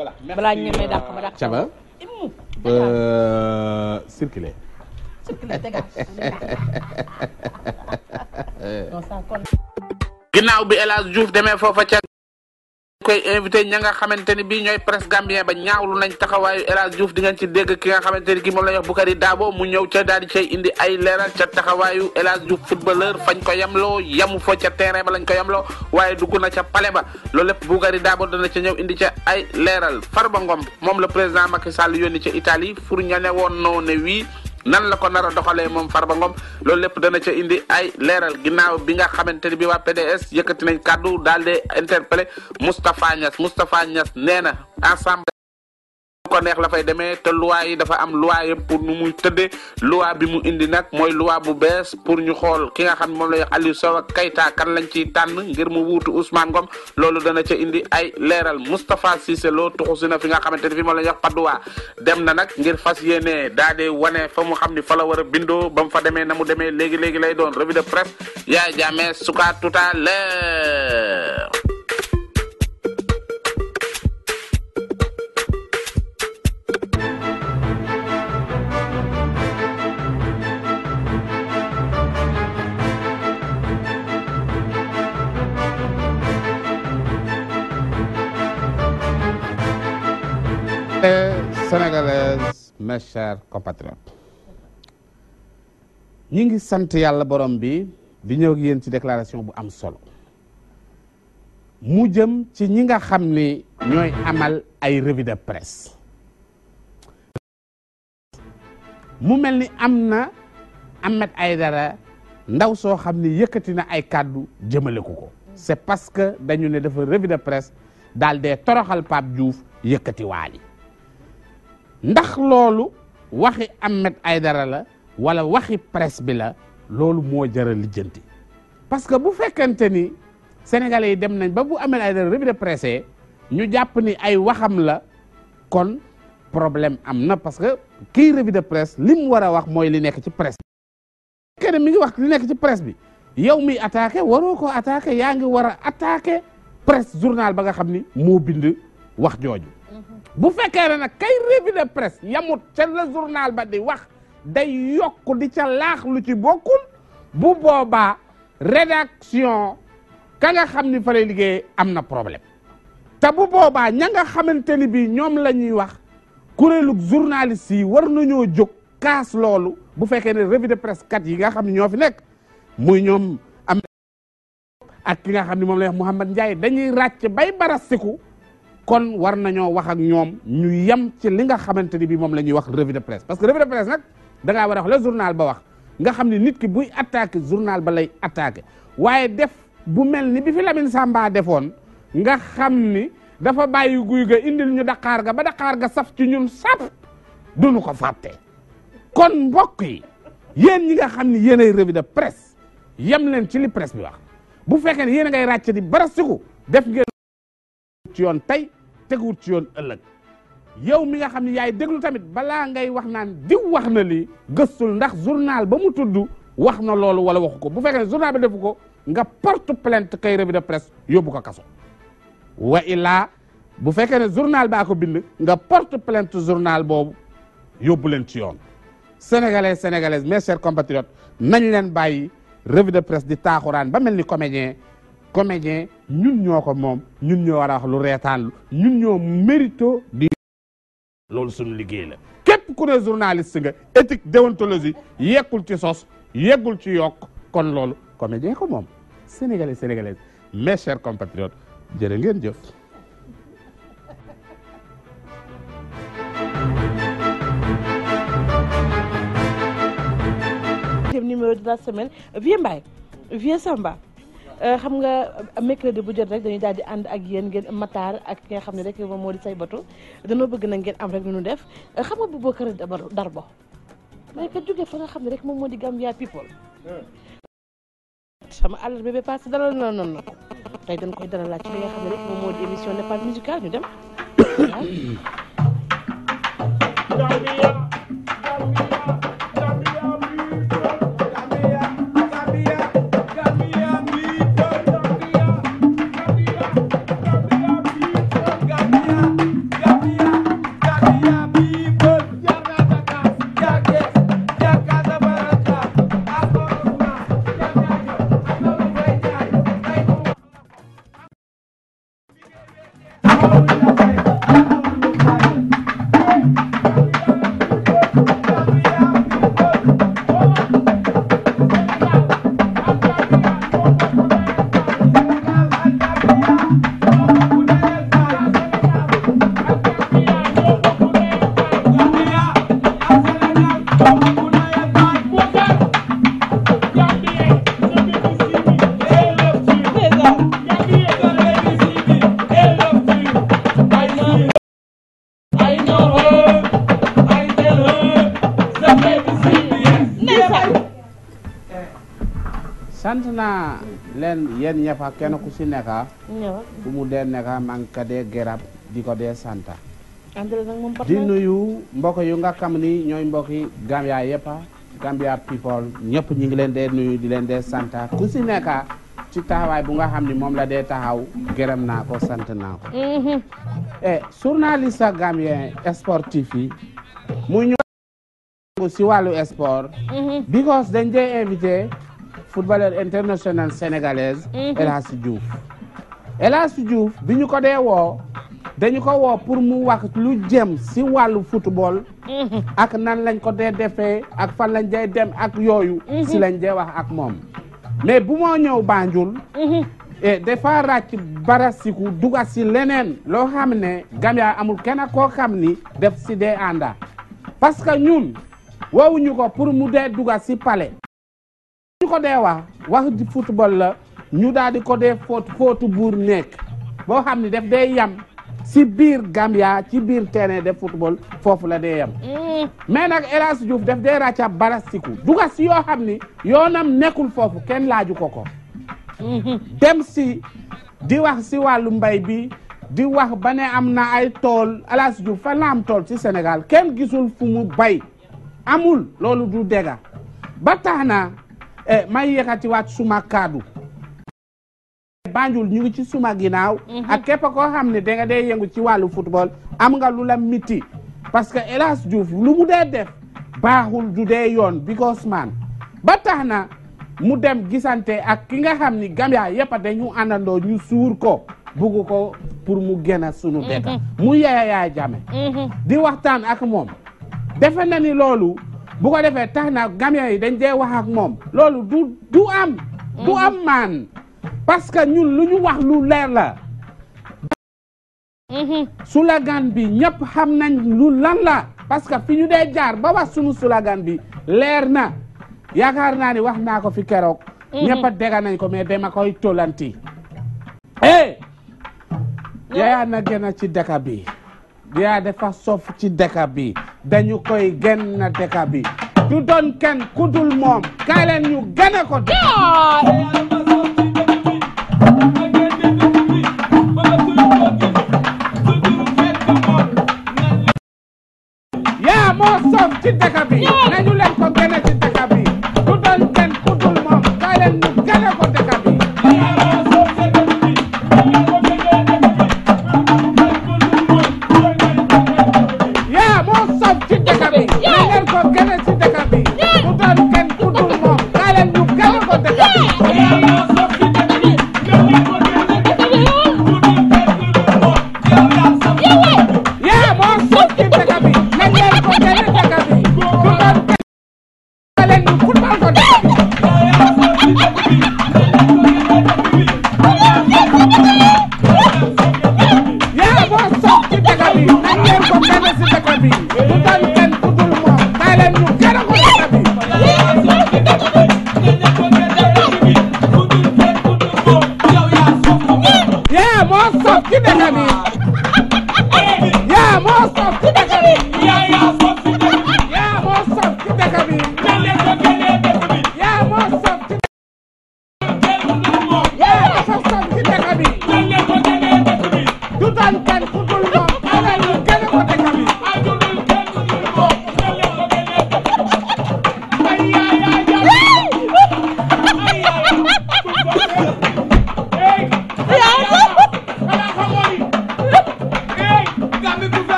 voilà balaa ñu ñemee dàq ma dàq. ça va. circuler. circuler dégage. ginnaaw bi El Hadj Diouf demee foofa ca. koy invité ña nga xamante ni bii ñooy presse gambien ba ñaawlu nañ taxawaayu El Hadj Diouf di ngeen ci dégg ki nga xamante ni ki moom la yox Daabo mu ñëw ca daal di indi ay leeral ca taxawaayu El footballeur fañ ko yemloo yamu fa ca terrain ba lañ ko yemloo waaye dugg na ca palais ba loolu lépp Bukari Daabo dana ca ñëw indi ca ay leeral Farba Ngom moom la président Macky Sall yónni ca Italie pour ña ne ne wii nan la ko nar a doxalee moom Farba Ngom loolu lépp dana cee indi ay leeral ginnaaw bi nga xamante ni bi waa PDS yëkkati nañ kàddu daal di interpellé Moustapha Niass Moustapha Niass nee na ensemble ko neex la fay demee te loi yi dafa am loi yëpp pour nu muy tëddee loi bi mu indi nag mooy luwa bu bees pour ñu xool ki nga xam moom la yox Aliou Sow kan lañ ciy tànn ngir mu wuutu Ousmane Ngom loolu dana ci indi ay leeral Moustapha Cissé Lo tuxusi na fi nga xamante ne fi moom la yox Padoa dem na nag ngir fas yéenee daa wane fa mu xam ni fa la war a bindoo ba fa demee na mu demee léegi léegi lay doon revue de presse yaay jaamee suka tuta leer sénégalaises mes chers compatriotes ñi ngi sant yàlla borom bi di ñëw ak yéen ci déclaration bu am solo mu jëm ci ñi nga xam ni ñooy amal ay revue de presse mu mel ni am na ay dara ndaw soo xam ni yëkkati na ay kàddu jëmale ko ko c'est parce que dañu ne dafa revue de presse daal dee toroxal Pape Diouf yëkkati waali ndax loolu waxi ay dara la wala waxi presse bi la loolu moo jëra lijjanti parce que bu fekkente ni sénégalais yi dem nañ ba bu ay Aidara revue de presse ñu jàpp ni ay waxam la kon problème am na parce que kii revue de presse li mu war a wax mooy li nekk ci presse bi fekkee mi ngi wax li nekk ci presse bi yow mi attaqué waroo ko attaqué yaa ngi war a attaqué presse journal ba nga xam ni moo bind wax jooju bu fekkee ne nag kay revue de presse yamut ca journal ba di wax day yokk di ca laax lu ci bokkul bu boobaa rédaction ka nga xam ni fa liggéey am na problème te bu boobaa ña nga xamante ni bi ñoom lañuy wax kuréelu journaliste yi war na nañoo jóg kaas loolu bu fekkee ne revue de presse kat yi nga xam ne ñoo fi nekk muy ñoom am ak ki nga xam ne moom la wax Mouhamed Ndiaye dañuy ràcc bay barastiku kon war nañoo wax ak ñoom ñu yem ci li nga xamante ni bii moom la ñuy wax revue de presse parce que revue de presse nag da ngaa war a wax journal ba wax nga xam ne nit ki buy attaqué journal ba lay attaqué waaye def bu mel ni bi fi Lamine Samba defoon nga xam ni dafa bàyyi guy ga indil ñu daqaar ga ba daqaar ga saf ci ñun sap duñu ko fàtte kon mbokk yi yéen ñi nga xam ni yéen ay revue de presse yem leen ci li presse bi wax bu fekkee ne yéen a ngay ràcc di def ngeen ci yoon tey teguwut ci yoon ëllëg yow mi nga xam ne yaay déglu tamit balaa ngay wax naan diw wax na lii gëstul ndax journal ba mu tudd wax na loolu wala waxu ko bu fekkee ne journal bi defu ko nga porte plainte kay revue de presse yóbbu ko kaso wa illaa bu fekkee ne journal baa ko bind nga porte plainte journal boobu yóbbu leen ci yoon sénégalais sénégalaises mes chers compatriotes nañ leen bàyyi revue de presse di taaxuraan ba mel ni comédien comédien ñun ñoo ko moom ñun ñoo war a wax lu reetaan ñun ñoo mérito di loolu suñu liggéey la képp ku ne journaliste nga éthique déontologie yekkul ci sos yeggul ci yokk kon loolu comédien ko moom sénégalais sénégalaises mes chers compatriotes jërë ngeen jëf numéro de la semaine vieux Mbaye vieux Samba Euh, xam nga euh, mercredi bu jot rek dañuy daal di ànd ak yéen ngeen mataar ak ki nga xam ne rek moom moo di say batu dañoo bëgg nag ngeen am rek nu ñu def euh, xam nga bu bokkar darbo mais ka jóge fa nga xam ne rek moom moo di Gambia people sama àllar bi ba passé dalal na noonu na ko tey dañ koy dalalaat ci li nga xam ne rek moom moo di émission Nepad musical ñu dem ah. sant naa leen yéen ñëpp ak kenn ku ci nekka ku mu dee nekka maa ngi ko dee gërëm di ko dee santa di nuyu mbokk yu nga xam ni ñooy mbokki Gambia yëpp Gambia people ñëpp ñu ngi leen dee nuyu di leen dee santa ku si nekka ci taxawaay bu nga xam ni moom la dee taxaw gërëm naa ko sant naa ko mm-hmm. eh journaliste gambien sportif yi mu ñëw si wàllu sport mm-hmm. because dañ dee invité footballeur international sénégalaise mhm. El Hadj Diouf El Hadj Diouf bi ñu ko dee woo dañu ko woo pour mu wax lu jëm si wàllu football mhm. ak nan lañ ko dee defee ak fan lañ dee dem ak yooyu mhm. si lañ dee wax ak moom mais bu moo ñëw Banjul e dafa ràcc barasiku duga si leneen loo xam ne Gambia amul kenn koo xam ni def si dee ànda parce que ñun woowuñu ko pour mu dee duga si palais ñu ko dee wax wax di football la ñu daal di ko dee foot footu buur nekk boo xam ni def day yam si biir Gambia ci biir terrain de football foofu la dee yam mm. mais nag El Hadj Diouf def dee ràcca balastiku duga si yoo xam ni yoonam nekkul foofu kenn laaju ko ko mm-hmm. dem si di wax si wàllu mbay bi di wax ba ne am na ay tool El Hadj Diouf am tool ci senegal kenn gisul fu mu bay amul loolu du dégg ba tax na Eh, may yëkkati waat suma kaddu Banjul ñu ngi ci suma ginnaaw mhm. ak képp koo xam ne da nga dee yëngu ci wàllu football am nga lu la mitti parce que El Hadj lu mu dee def baaxul du dee yoon because man ba tax na mu dem gisante ak ki nga xam ni Gambia yëpp dañu àndandoo ñu suur ko bugg ko pour mu génn sunu mhm. dëkk mu Yaya Jammeh mhm. di waxtaan ak moom defe na ni loolu bu ko defee tax na gamins yi dañ dee wax moom loolu du du am du am maan parce que ñun lu ñu wax lu leer la mm-hmm. sulagan bi ñëpp xam nañ lu lan la parce que fi ñu dee jaar ba wax sunu slogan bi leer na yaakaar naa ni wax naa ko fi keroog mm-hmm. ñëpp a dégg nañ ko mais dama koy tollanti oh. eh yaaya na gën ci dëkk bi yaa dafa sof ci dëkk bi dañu koy génn na dëkk bi du doon kenn ku dul moom kaay ñu gën ko yaa moo sof ci dëkk bi nañu leen yaa boo soog ci dëkk bi na ngeen ko mel si dëkk bi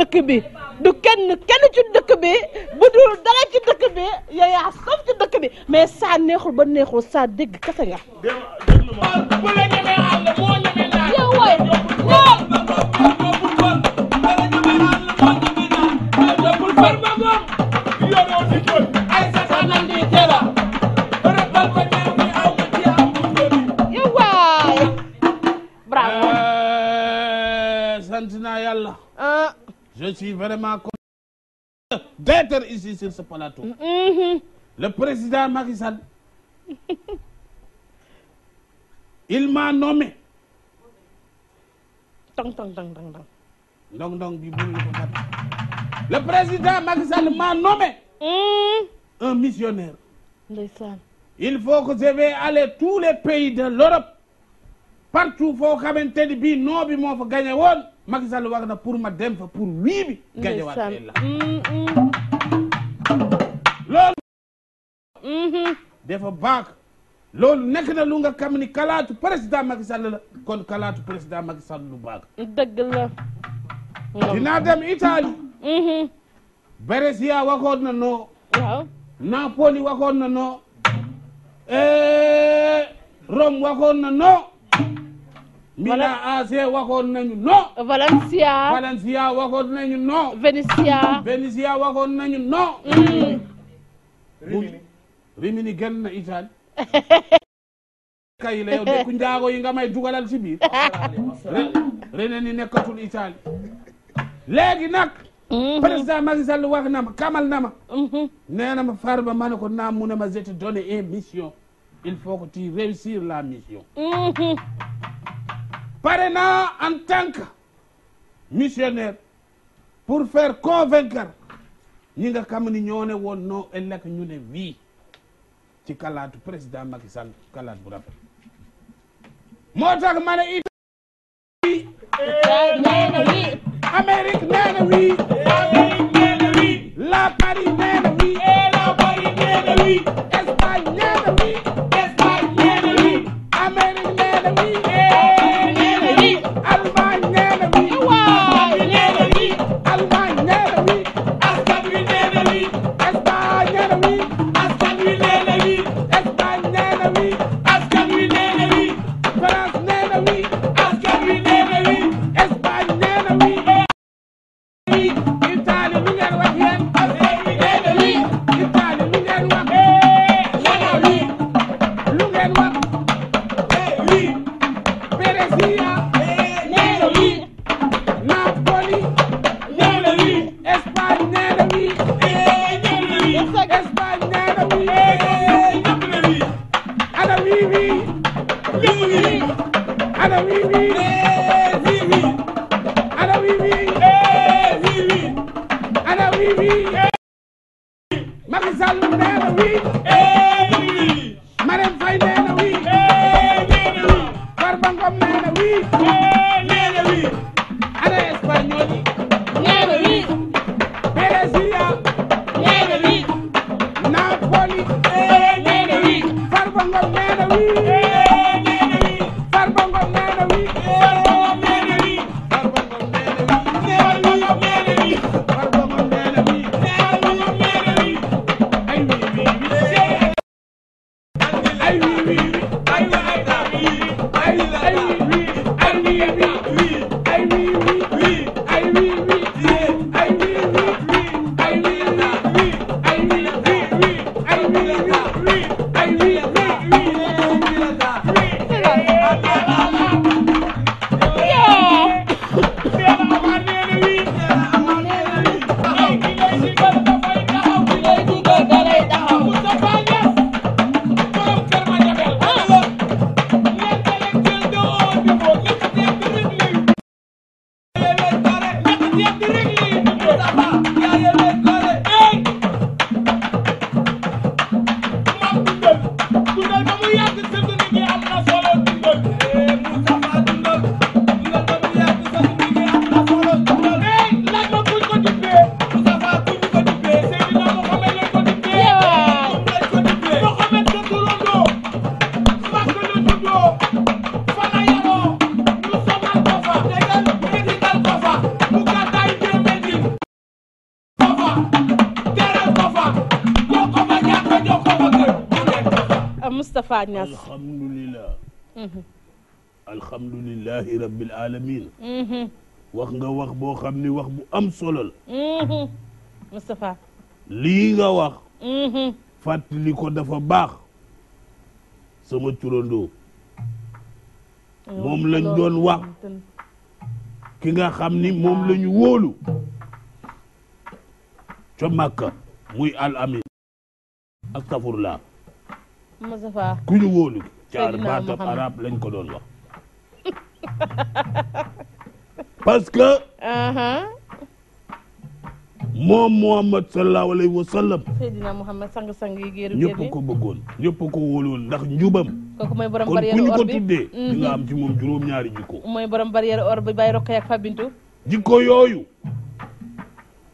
dëkk bi du kenn kenn ci dëkk bi bu dul dara ci dëkk bi yow yaa saf ci dëkk bi mais saa neexul ba neexul saa dégg kese nga. bu la ñemee àll moo ñemee naan. yow waay eh, sant naa yàlla. Ah. je suis vraiment content d'être ici sur ce plateau. Mm -hmm. Le président Macky il m'a nommé. ko kat. Le président Macky m'a nommé mm-hmm. un missionnaire. Il faut que je vais aller tous les pays de l'Europe. Partout foo xamante ni bii noo bi moo fa Macky Sall wax na pour ma dem fa pour wii bi gañewaat la mm-hmm. loolu nekk na lu nga xam ni kalaatu président Macky la kon kalaatu président Macky Sall lu baax dëgg la dem Italie mm-hmm. Beresia waxoon na noo waaw Napoli waxoon na noo eh, Rome waxoon na noo Milan AC Valencia. Valencia nañu non. Venezia. Venezia waxoon nañu non. Mm. Rimini. Rimini na Italie. kay la yow dëkku njaago yi nga may dugalal ci nag. Mm-hmm. président Macky Sall kamal na ma. Mm-hmm. nee na ma Farba ma ne ko naa ma je donne une mission. il faut ko tu réussir la mission. Mm-hmm. pare naa en tant que pour faire convaincre ñi nga xam ni ñoo ne woon noo ñu ne wii ci kalaatu président Macky Sall kalaat bu rafet moo tax ma ne it. Amérique nee wii. Moustapha Niass alhamdulilah alhamdulilahi alamin mm-hmm. wax nga wax boo xam ni wax bu am solo la Moustapha mm-hmm. lii nga wax mm-hmm. fàttali ko dafa baax sama turandoo moom lañ doon wax ki nga xam ni moom la ñu wóolu ca Màkka muy al amin ak tafurlaa Moustapha ku ñu wóolu caar baatab arab lañ ko doon wax parce que uh-huh. moom Muhammad sallallahu alayhi wa sallam Seydina Muhammad sang-sang yi géeru ñëpp ko bëggoon ñëpp ko wóoloon ndax njubam kooku mooy ku mm-hmm. ci moom juróom-ñaari jikko mooy borom barrière or bi bàyyi rokk ak fabintu jikko yooyu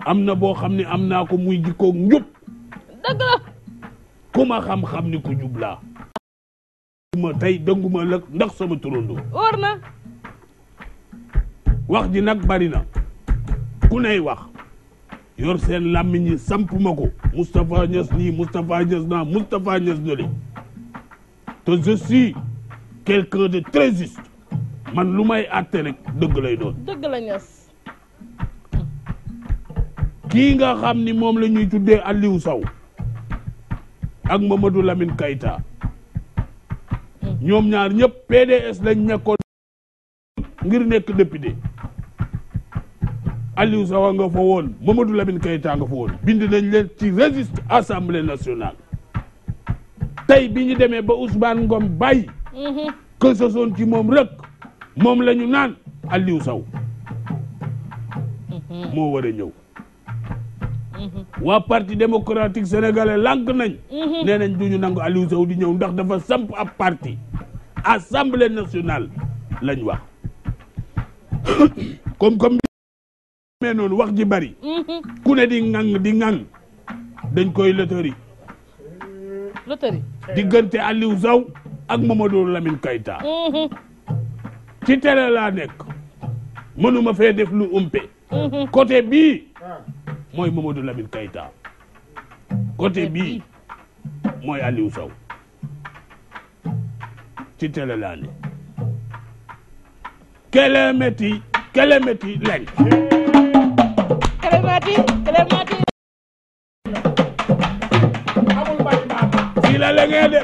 am na boo xam ne am naa ko muy jikkoog njub ku ma xam-xam ni ku jublaa ma tey dënguma lëg ndax sama turandoo wóor wax ji nag bari na ku ney wax yor seen làmmiñ yi ko Moustapha Niass nii Moustapha Niass naa Moustapha Niass nali te je suis quelqu'un de très juste man lu may àtte rek dëgg lay doon dëgg la Niass kii nga xam ni moom la ñuy tuddee Aliou Sow ak Mamadou lamin Kayta hmm. ñoom ñaar ñëpp PDS lañ nekkoon ngir nekk député Aliou Sow nga fa woon Mamadou Lamine Kayta nga fa woon bind nañ leen ci résiste assemblée nationale tey bi ñu demee ba Ousmane Ngom bàyyi mhm. que ce ci moom rek moom la naan Aliou Sow mhm. moo war a ñëw waa parti démocratique sénégalais lànk nañ mhm. nee nañ duñu nangu Aliou Sow di ñëw ndax dafa samp ab parti assemblée nationale lañ wax comme comme mee noonu wax ji bari mhm. ku ne di ŋang di ŋang dañ koy loterie loterie diggante Aliou Sow ak Mamadou Lamine Kayta mhm. ci télé laa nekk mënuma fee def lu umpe côté bii ah. mooy Mamadou Lamine Keita côté bii mooy Aliou Sow ci télé laa ne kelemeti kelemeti lañ kelemeti kelemeti amul bay ma fii la lengee de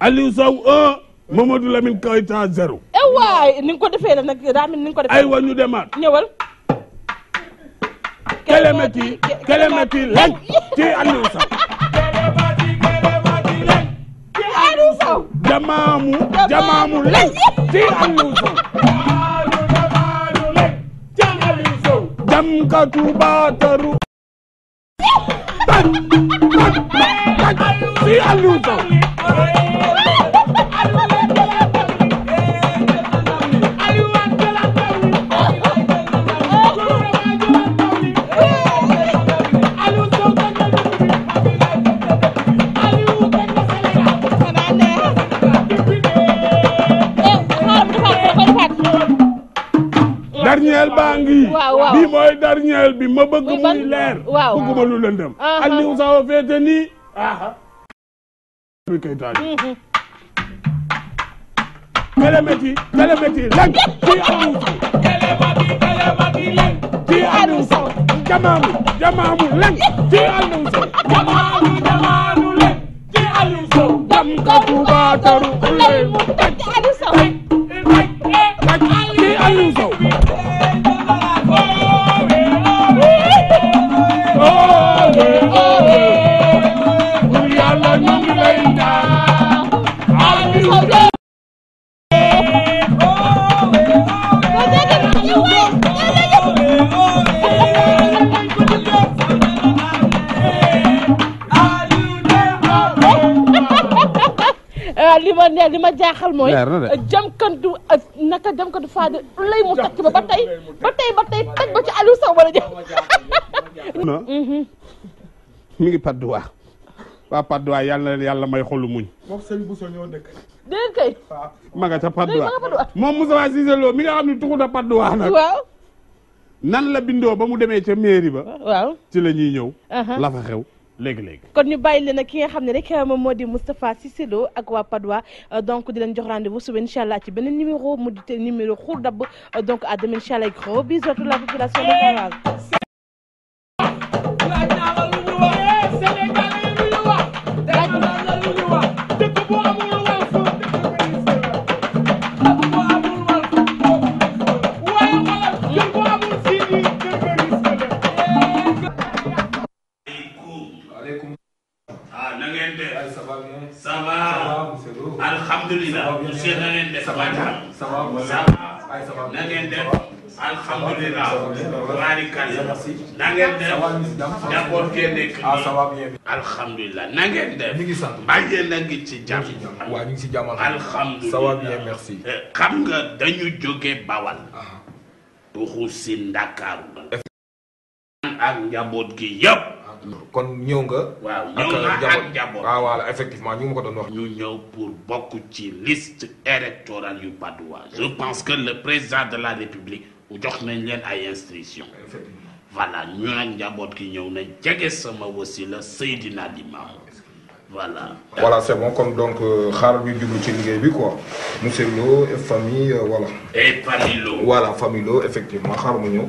Aliou Sow 1 Mamadou Lamine Keita 0 waaye ni nga ko defee la nag daa mel ni nga ko defee. aywa ñu demaat ñëwal. kelemeti kelemeti lañ ci Aliou Sow. kelemeti kelemeti lañ ci Aliou Sow. jamaamu jamaamu lañ ci Aliou Sow. jamaanu jamaanu lañ ci Aliou Sow. jamkatu baataru. tan tan tan ci Aliou Sow. ñeel baa ngi bii mooy dar ñeel bi ma bëgg muy leer bëgguma lu lëndëm Aliou Sow féete nii aa bi koy taaj mhm. Kelemeti Kelemeti leng ci Aliou Sow Kelemeti Kelemeti leng ci Aliou Sow jamaamu jamaamu leng ci Aliou Sow jaaxal mooy jamkandu naka jamkandu faade lay mu takk ba ba tey ba tey ba tey ba ci Aliou Sow wala jë non mi ngi padduwaa waa padduwaa yàlla yàlla may xolu muñ moom kay ma nga ca padduwaa moom Moussa Cissé Lo mi nga xam ne tuxu na padduwaa nag waaw nan la bindoo ba mu demee ca mairie ba waaw ci la ñëw la xew léegi léegi kon ñu bàyyi leen ak ki nga xam euh, di Moustapha Cissé ak waa Padois euh, donc di leen jox rendez-vous suba incha allah ci beneen numéro mu numéro Khour Dab euh, donc à demain incha allah gros bisous la population de Padois ça va alhamdulilah monsieur def waay tam def alhamdulilah barikalla na nekk ah, nii alhamdulilah def mbaa ngeen ci jàmm alhamdulilah merci eh, xam nga dañu jóge Bawal ah. tuxu si Ndakaaru ak njaboot gi yëpp kon ñëw nga. waaw ñëw naa ak njaboot waaw effectivement ñu ma ko doon wax. ñu ñëw pour bokk ci liste électorale yu Padoa je pense que le président de la république jox nañ leen ay instructions. voilà ñu nag njaboot ki ñëw nañ jege sama wasila Seydina Limamou voilà. voilà c'est bon kon donc euh, xaaral bi jublu ci liggéey bi quoi monsieur Lo et famille euh, voilà. et famille Lo. famille effectivement xaaral mu ñëw.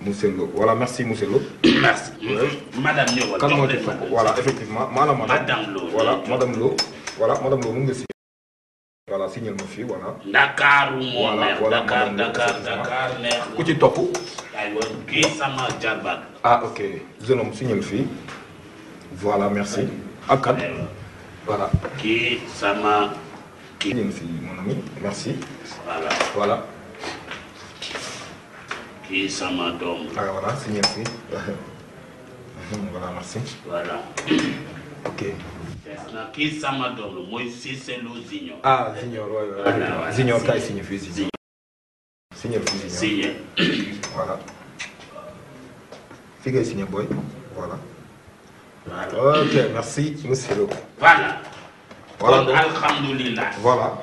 monsieur Lo merci monsieur Lo. merci. moo ci topp voilà effectivement maanaam madame Lo voilà madame Lo voilà madame Lo mu ngi si. voilà signal ma fii voilà. Dakar moo neex Dakar Dakar ku ci topp. aywa kii sama jarbaat. ah ok jeune homme signal fii voilà merci. ak kan voilà. kii sama. signal fii mon merci. voilà kii sama doom. ah voilà signé si voilà merci. voilà. ok. kii sama doom mooy Cissé Lo Junior. ah Junior waay waay Junior kay signé fii Junior. signé fii Junior. voilà. fii ngay signé booy voilà. ok merci monsieur Lo. voilà. voilà donc alhamdulilah. voilà.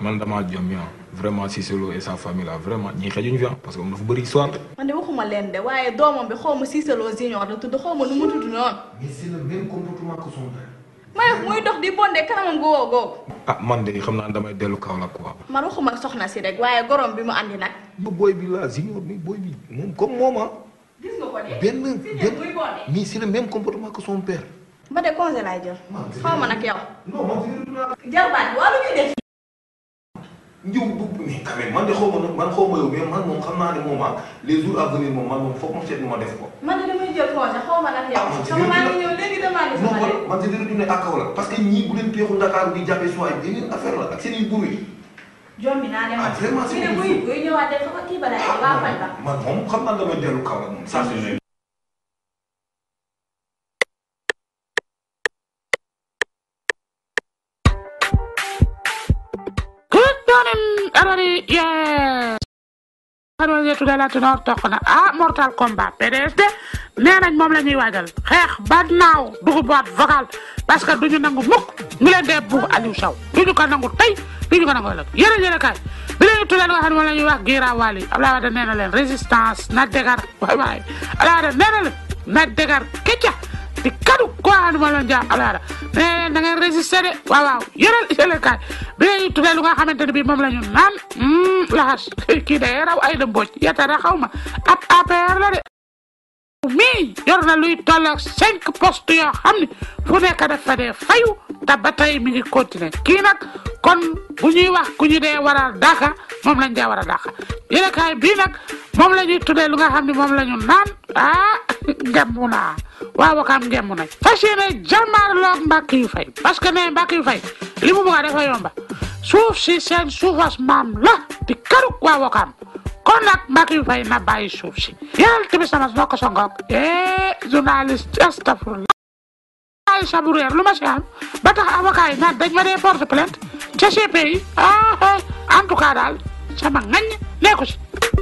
man damaa jom yaa vraiment Cissé Lo et sa famille là vraiment ñii xëjuñu fi parce que moom dafa bëri histoire man de waxuma leen de waaye doomam bi xaw ma Cissé Lo le même comportement que son père. may muy dox di bondé kanamam góoboo góob. ah man de xam naa damay dellu kaw la quoi. man waxuma soxna si rek waaye gorom bi mu andi nag. booy bi la junior bi booy bi moom comme moom ah. ko de. benn benn mais c'est le comportement que son père. ba de congé laay jël. xaw ma nag yow. njiw bu mais quand même man de xaw ma man xaw ma yow mais man moom xam naa ne moom ah les jours à venir moom man moom foog ma seet nu ma def ko. man de damay jël projet xaw ma nag yow. xam nga maa ngi ñëw léegi damaa gis. sama lépp man de dina dundee ak kaw la parce que ñii bu leen peexu Dakar di jàppee soit yeneen affaire la ak seen i buur yi. jom bi naa demoon ah vraiment. su ñu ne buy buy ñëwaat def ko kii balaa ah, yi waa Fane ba. man moom xam naa damay dellu kaw la moom. saa su ne arrosé yetu Dalatoor toq na ah mortal combat PDS de nee nañ moom la ñuy waajal xeex ba naaw dugub baat vocal parce que duñu nangu mukk ñu leen dee bugg Aliou duñu ko nangu tey duñu ko nangu ëllëg yërë yërë kaay bi leen tuddee nga xam ne moom ñuy wax Gira Wali Abdoulaye Wade nee na leen résistance na dégar waay a Abdoulaye Wade nee na leen na dégar kécca di kaddu quoi du ma leen jaaxal alaara mais da ngeen résister de waaw waaw yëral yëlekaay bi lay nga xamante ne bii moom la ñu naan hmm, laxas kii day raw ay dëmbooj yatara xaw ma ab APR la de. mi yor na luy tolloog cinq postes yoo xam ne fu nekk dafa dee fayu te ba tey mi ngi continuer kii nag kon bu ñuy wax ku ñu dee war a dàqa moom lañ dee war a dàqa yëlekaay bii nag moom la ñuy tuddee nga xam ne moom la ñu naan ah. ngembu naa waa wakaam ngembu nañ fas yéene jàmmaarloog fay parce que ne mbàkk fay li mu bëgg dafa suuf si seen suufas maam la di karuk waa wakaam kon nag mbàkk fay na bàyyi suuf si yàlla tamit sama noo ko songoog eh journaliste astafurlah ay lu ma si am ba tax avocat dañ ma dee porte plainte ca CPI ah, eh, en tout cas daal sama ngañ nekku si